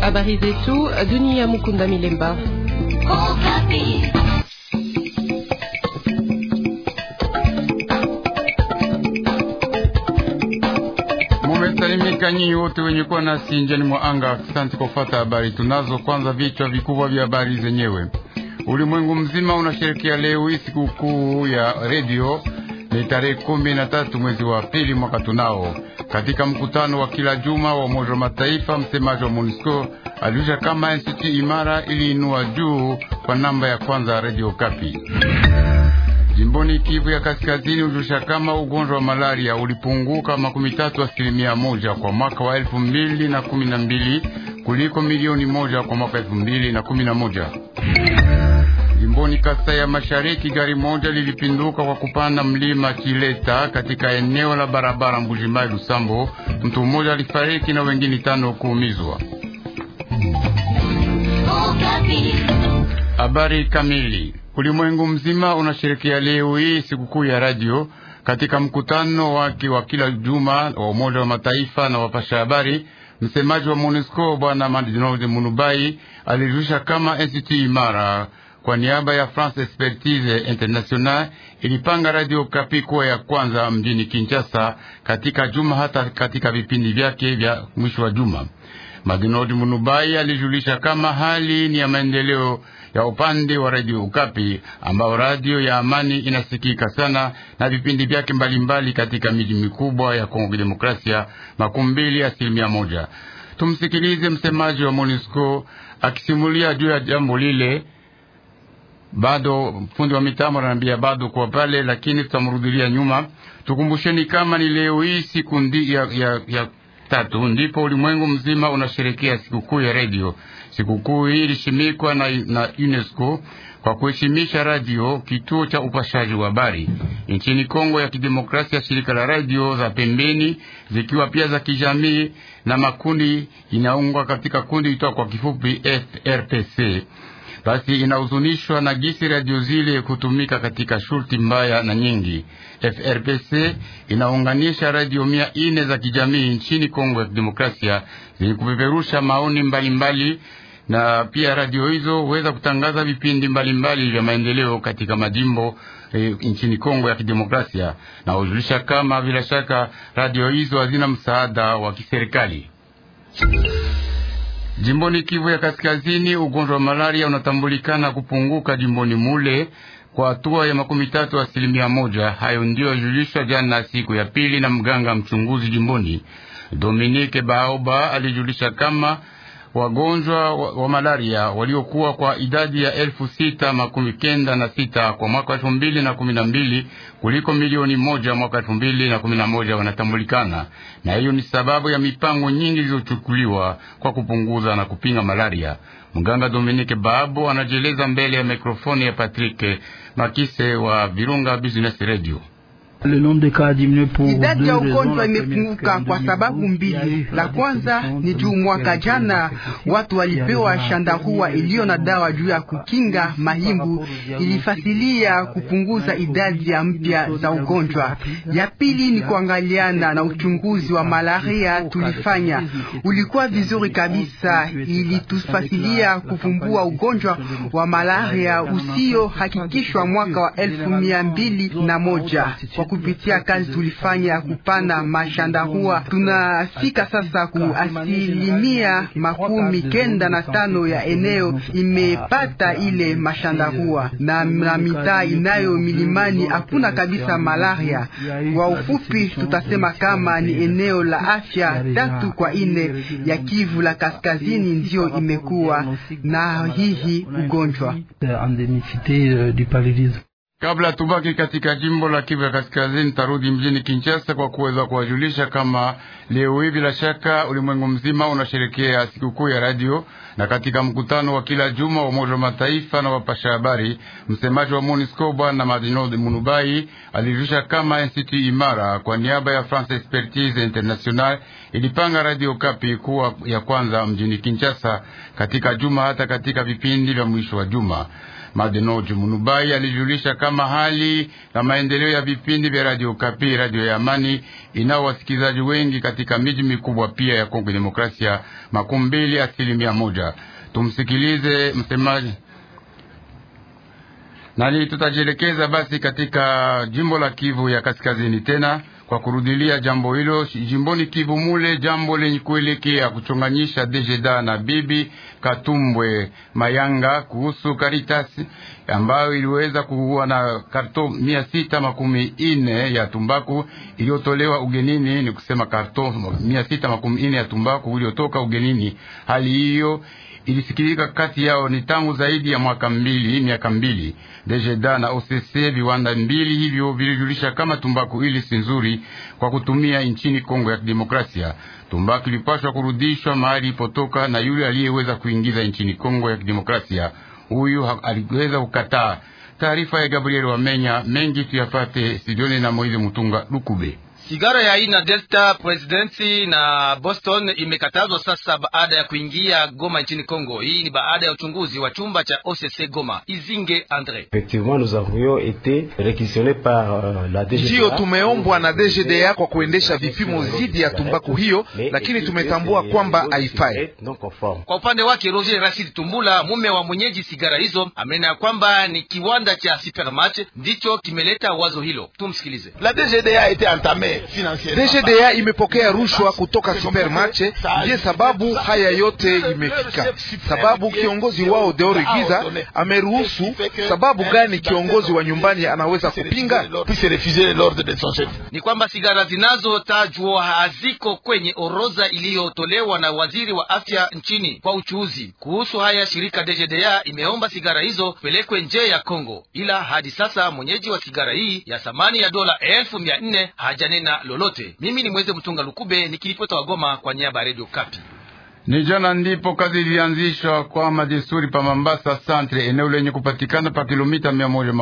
Habari zetu dunia. Mukunda Milemba. Mumesalimika nyinyi wote wenye kuwa nasi njiani mwa anga. Asante kwa kufuata habari tunazo. Kwanza vichwa vikubwa vya habari zenyewe. Ulimwengu mzima unasherekea leo hii sikukuu ya redio, ni tarehe kumi na tatu mwezi wa pili mwaka tunao katika mkutano wa kila juma wa Umoja wa Mataifa, msemaji wa MONUSCO alijulisha kama nchi imara iliinua juu kwa namba ya kwanza ya Radio Kapi. Jimboni Kivu ya Kaskazini ujusha kama ugonjwa wa malaria ulipunguka makumi tatu asilimia moja kwa mwaka wa elfu mbili na kumi na mbili kuliko milioni moja kwa mwaka elfu mbili na kumi na moja. Jimboni Kasai ya Mashariki, gari moja lilipinduka kwa kupanda mlima Kileta katika eneo la barabara Mbujimai Lusambo. Mtu mmoja alifariki na wengine tano kuumizwa. Habari kamili. Ulimwengu mzima unashirikia leo hii sikukuu ya radio katika mkutano wake wa kila juma wa Umoja wa Mataifa na wapasha habari, msemaji wa MONUSCO Bwana Madinoud Munubai alirusha kama NCT imara kwa niaba ya France Expertise International ilipanga Radio Kapi kuwa ya kwanza mjini Kinshasa katika juma, hata katika vipindi vyake vya mwisho wa juma. magnod Munubai alijulisha kama hali ni ya maendeleo ya upande wa Radio Ukapi, ambao radio ya amani inasikika sana na vipindi vyake mbalimbali katika miji mikubwa ya Kongo Demokrasia, makumi mbili asilimia moja. Tumsikilize msemaji wa MONUSCO akisimulia juu ya jambo lile bado fundi wa mitambo ananiambia bado kwa pale, lakini tutamrudilia nyuma. Tukumbusheni kama ni leo hii siku ndi ya, ya, ya tatu ndipo ulimwengu mzima unasherekea sikukuu ya redio. Sikukuu hii ilishimikwa na, na UNESCO kwa kuheshimisha radio, kituo cha upashaji wa habari nchini Kongo ya Kidemokrasia. Shirika la radio za pembeni zikiwa pia za kijamii na makundi inaungwa katika kundi itoa kwa kifupi FRPC basi inahuzunishwa na gisi radio zile kutumika katika shurti mbaya na nyingi. FRPC inaunganisha radio mia ine za kijamii nchini Kongo ya Kidemokrasia zenye kupeperusha maoni mbalimbali mbali, na pia radio hizo huweza kutangaza vipindi mbalimbali vya maendeleo katika majimbo e, nchini Kongo ya Kidemokrasia, na ujulisha kama bila shaka radio hizo hazina msaada wa kiserikali. Jimboni Kivu ya Kaskazini, ugonjwa wa malaria unatambulikana kupunguka jimboni mule kwa hatua ya makumi tatu asilimia moja. Hayo ndiyo yajulishwa jana siku ya pili na mganga mchunguzi jimboni Dominike Baoba alijulisha kama wagonjwa wa malaria waliokuwa kwa idadi ya elfu sita makumi kenda na sita kwa mwaka elfu mbili na kumi na mbili kuliko milioni moja mwaka elfu mbili na kumi na moja wanatambulikana, na hiyo ni sababu ya mipango nyingi zilizochukuliwa kwa kupunguza na kupinga malaria. Mganga Dominique Babo anajieleza mbele ya mikrofoni ya Patrick Makise wa Virunga Business Radio. Idadi ya ugonjwa imepunguka kwa sababu mbili. La kwanza ni juu mwaka jana watu walipewa shandarua iliyo na dawa juu ya kukinga mahimbu, ilifasilia kupunguza idadi ya mpya za ugonjwa. Ya pili ni kuangaliana na uchunguzi wa malaria tulifanya, ulikuwa vizuri kabisa, ilitufasilia kufumbua ugonjwa wa malaria hakikishwa mwaka wa elfu mia mbili na moja. Kwa kupitia kazi tulifanya ya kupana mashandarua, tunafika sasa ku asilimia makumi kenda na tano ya eneo imepata ile mashandarua, na, na mitaa inayo milimani hakuna kabisa malaria. Kwa ufupi, tutasema kama ni eneo la afya tatu kwa ine ya Kivu la kaskazini ndiyo imekuwa na hihi ugonjwa. Kabla tubaki katika jimbo la Kivu ya Kaskazini, tarudi mjini Kinshasa kwa kuweza kuwajulisha kama leo hii, bila shaka, ulimwengu mzima unasherekea sikukuu ya radio, na katika mkutano wa kila juma wa Umoja wa Mataifa na wapasha habari, msemaji wa MONUSCO Bwana Madinod Munubai alijulisha kama Institut Imara kwa niaba ya France Expertise International ilipanga radio Kapi kuwa ya kwanza mjini Kinshasa katika juma, hata katika vipindi vya mwisho wa juma. Madenoje Munubai alijulisha kama hali na maendeleo ya vipindi vya Radio Kapi, radio ya amani inao wasikilizaji wengi katika miji mikubwa pia ya Kongo Demokrasia, makumi mbili asilimia moja. Tumsikilize msemaji nani Tutajielekeza basi katika jimbo la Kivu ya kaskazini tena kwa kurudilia jambo hilo jimboni Kivu mule, jambo lenye kuelekea kuchonganyisha Dejeda na Bibi Katumbwe Mayanga kuhusu Karitasi ambayo iliweza kuwa na karto mia sita makumi ine ya tumbaku iliyotolewa ugenini, ni kusema karto mia sita makumi ine ya tumbaku iliyotoka ugenini. Hali hiyo ilisikilika kati yao ni tangu zaidi ya mwaka mbili, miaka mbili. Dejeda na OCC viwanda mbili hivyo vilijulisha kama tumbaku ili si nzuri kwa kutumia nchini Kongo ya Kidemokrasia. Tumbaku ilipashwa kurudishwa mahali ipotoka, na yule aliyeweza kuingiza nchini Kongo ya Kidemokrasia huyu aliweza kukataa. Taarifa ya Gabriel Wamenya mengi tuyafate studioni na moizi Mutunga Lukube. Sigara ya aina Delta Presidency na Boston imekatazwa sasa baada ya kuingia Goma nchini Kongo. Hii ni baada ya uchunguzi wa chumba cha OCC Goma. Izinge Andre: euh, ndiyo tumeombwa na DGDA kwa kuendesha vipimo dhidi ya tumbaku hiyo, lakini tumetambua kwamba haifai. Kwa upande wake Roger Rashid Tumbula, mume wa mwenyeji sigara hizo, amenena ya kwamba ni kiwanda cha Supermatch ndicho kimeleta wazo hilo. Tumsikilize. La DGDA ete entame DGDA imepokea rushwa kutoka Supermarche, ndiye sababu haya yote imefika. Sababu kiongozi wao Deori Giza ameruhusu. Sababu gani kiongozi wa nyumbani anaweza kupinga? Ni kwamba sigara zinazotajwa haziko kwenye orodha iliyotolewa na waziri wa afya nchini kwa uchuuzi. Kuhusu haya, shirika DGDA imeomba sigara hizo pelekwe nje ya Kongo, ila hadi sasa mwenyeji wa sigara hii ya thamani ya dola elfu mia nne hajane nena lolote. Mimi ni Mweze Mtunga Lukube nikiripota Wagoma kwa niaba ya Radio Kapi. Ni jana ndipo kazi ilianzishwa kwa madesturi pa Mambasa santre eneo lenye kupatikana pa kilomita mia moja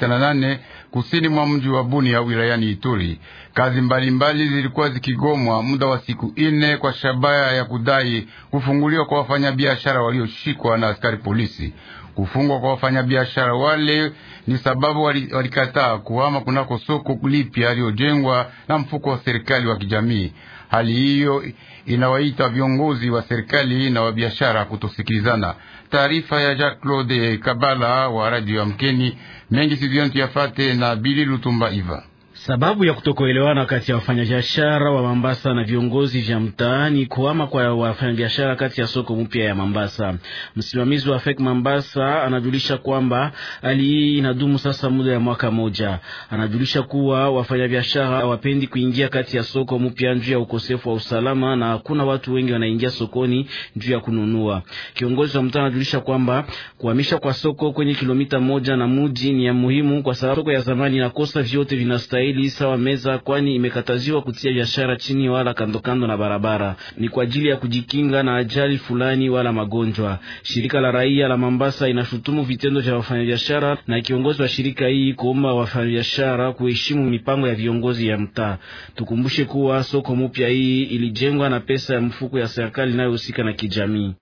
na nane kusini mwa mji wa Bunia wilayani Ituri. Kazi mbalimbali zilikuwa zikigomwa muda wa siku ine kwa shabaya ya kudai kufunguliwa kwa wafanyabiashara walioshikwa na askari polisi. Kufungwa kwa wafanyabiashara wale ni sababu walikataa wali kuhama kunako soko lipya aliyojengwa na mfuko wa serikali wa kijamii. Hali hiyo inawaita viongozi wa serikali na wa biashara kutosikilizana. Taarifa ya Jacques Claude Kabala wa radio ya Mkeni mengi sidiantu yafate na Bili Lutumba Iva Sababu ya kutokuelewana kati ya wafanyabiashara wa Mombasa na viongozi vya mtaani kuhama kwa wafanyabiashara kati ya soko mpya ya Mombasa. Msimamizi wa FEC Mombasa anajulisha kwamba hali hii inadumu sasa muda ya mwaka moja. Anajulisha kuwa wafanyabiashara hawapendi kuingia kati ya soko mpya juu ya ukosefu wa usalama na hakuna watu wengi wanaingia sokoni juu ya kununua. Kiongozi wa mtaa anajulisha kwamba kuhamisha kwa soko kwenye kilomita moja na muji ni ya muhimu kwa sababu soko ya zamani inakosa vyote vinastahili meli sawa meza, kwani imekataziwa kutia biashara chini wala kandokando na barabara. Ni kwa ajili ya kujikinga na ajali fulani wala magonjwa. Shirika la raia la Mambasa inashutumu vitendo vya wafanyabiashara na kiongozi wa shirika hii kuomba wafanyabiashara kuheshimu mipango ya viongozi ya mtaa. Tukumbushe kuwa soko mpya hii ilijengwa na pesa ya mfuko ya serikali inayohusika na kijamii.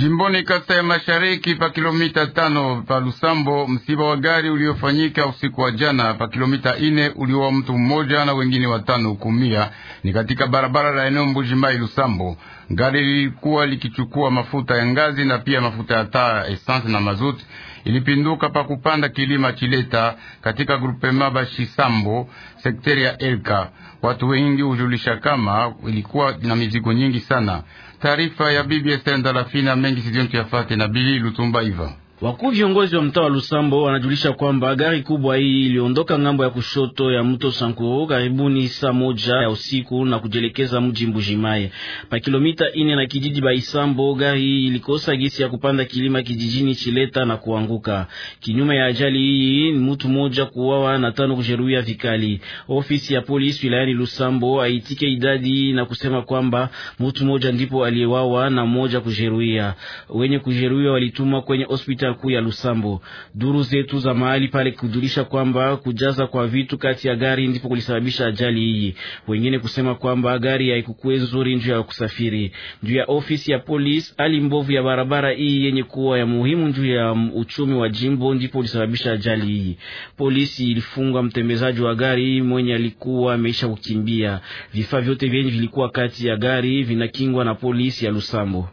Jimboni Kasa ya Mashariki pa kilomita tano pa Lusambo, msiba wa gari uliofanyika usiku wa jana pa kilomita ine uliwa mtu mmoja na wengine watano kumia, ni katika barabara la eneo Mbujimai Lusambo. Gari lilikuwa likichukua mafuta ya ngazi na pia mafuta ya taa, esansi na mazuti. Ilipinduka pa kupanda kilima Chileta katika grupema Bashisambo, sekteri ya Elka. Watu wengi hujulisha kama ilikuwa na mizigo nyingi sana. Taarifa ya bibi Esther Ndalafina mengi sizioni tuyafate na Bili Lutumba Iva Wakuu viongozi wa mtaa wa Lusambo wanajulisha kwamba gari kubwa hii iliondoka ngambo ya kushoto ya mto Sankuru karibuni saa moja ya usiku na kujielekeza mji Mbujimai pa kilomita ine na kijiji Baisambo. Gari hii ilikosa gisi ya kupanda kilima kijijini Chileta na kuanguka. Kinyume ya ajali hii, mtu mmoja kuuawa na tano kujeruhiwa vikali. Ofisi ya polisi wilayani Lusambo haitike idadi na kusema kwamba mtu mmoja ndipo aliyewawa na mmoja kujeruhiwa. Wenye kujeruhiwa walitumwa kwenye hospitali barabara kuu ya Lusambo. Duru zetu za mahali pale kujulisha kwamba kujaza kwa vitu kati ya gari ndipo kulisababisha ajali hii, wengine kusema kwamba gari haikukuwa nzuri njuu ya kusafiri. Juu ya ofisi ya polisi, hali mbovu ya barabara hii yenye kuwa ya muhimu njuu ya uchumi wa jimbo ndipo ulisababisha ajali hii. Polisi ilifunga mtembezaji wa gari mwenye alikuwa ameisha kukimbia. Vifaa vyote vyenye vilikuwa kati ya gari vinakingwa na polisi ya Lusambo.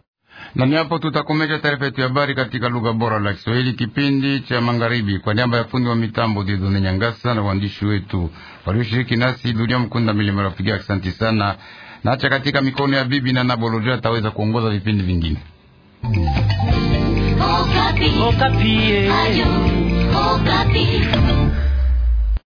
Na ni hapo tutakomesha taarifa yetu ya habari katika lugha bora la Kiswahili, kipindi cha magharibi. Kwa niaba ya fundi wa mitambo Didone Nyangasa na waandishi wetu walioshiriki nasi, Dunia Mkunda Milima Rafiki, asante sana. Na acha katika mikono ya bibi na Nabolojo ataweza kuongoza vipindi vingine. Oh, Okapi. Okapi. Eh. Ayu, Okapi.